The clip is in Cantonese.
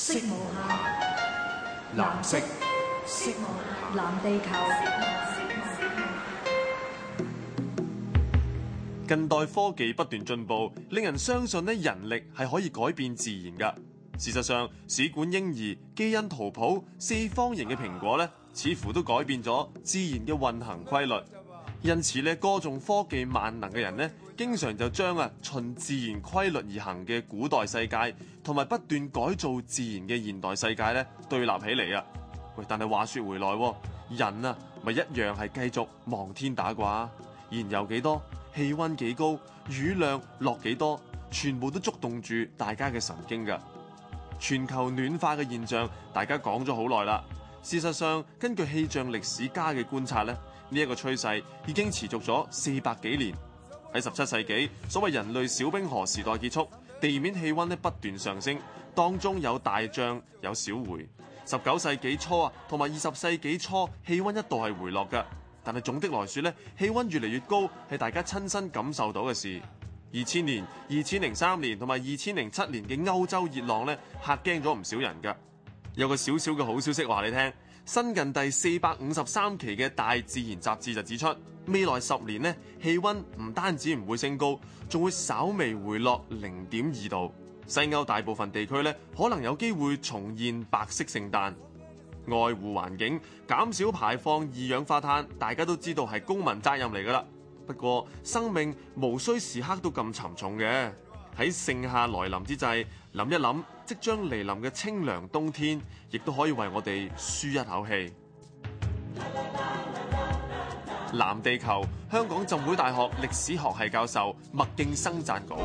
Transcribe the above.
色無限，藍色，色無限，色無限，藍地球，藍地球。近代科技不斷進步，令人相信咧人力係可以改變自然噶。事實上，試管嬰兒、基因圖譜、四方形嘅蘋果咧，似乎都改變咗自然嘅運行規律。因此咧，歌頌科技萬能嘅人呢，經常就將啊循自然規律而行嘅古代世界，同埋不斷改造自然嘅現代世界咧對立起嚟啊！喂，但係話說回來，人啊咪一樣係繼續望天打卦，燃油幾多，氣温幾高，雨量落幾多，全部都觸動住大家嘅神經㗎。全球暖化嘅現象，大家講咗好耐啦。事實上，根據氣象歷史家嘅觀察呢，呢個趨勢已經持續咗四百幾年。喺十七世紀，所謂人類小冰河時代結束，地面氣温呢不斷上升，當中有大漲有小回。十九世紀初啊，同埋二十世紀初氣温一度係回落嘅，但係總的來說咧，氣温越嚟越高係大家親身感受到嘅事。二千年、二千零三年同埋二千零七年嘅歐洲熱浪咧，嚇驚咗唔少人㗎。有個少少嘅好消息話你聽，新近第四百五十三期嘅《大自然》雜誌就指出，未來十年咧氣温唔單止唔會升高，仲會稍微回落零點二度。西歐大部分地區咧可能有機會重現白色聖誕。愛護環境、減少排放二氧化碳，大家都知道係公民責任嚟噶啦。不過生命無需時刻都咁沉重嘅，喺盛夏來臨之際，諗一諗。即將嚟臨嘅清涼冬天，亦都可以為我哋舒一口氣。藍地球，香港浸會大學歷史學系教授麥勁生撰稿。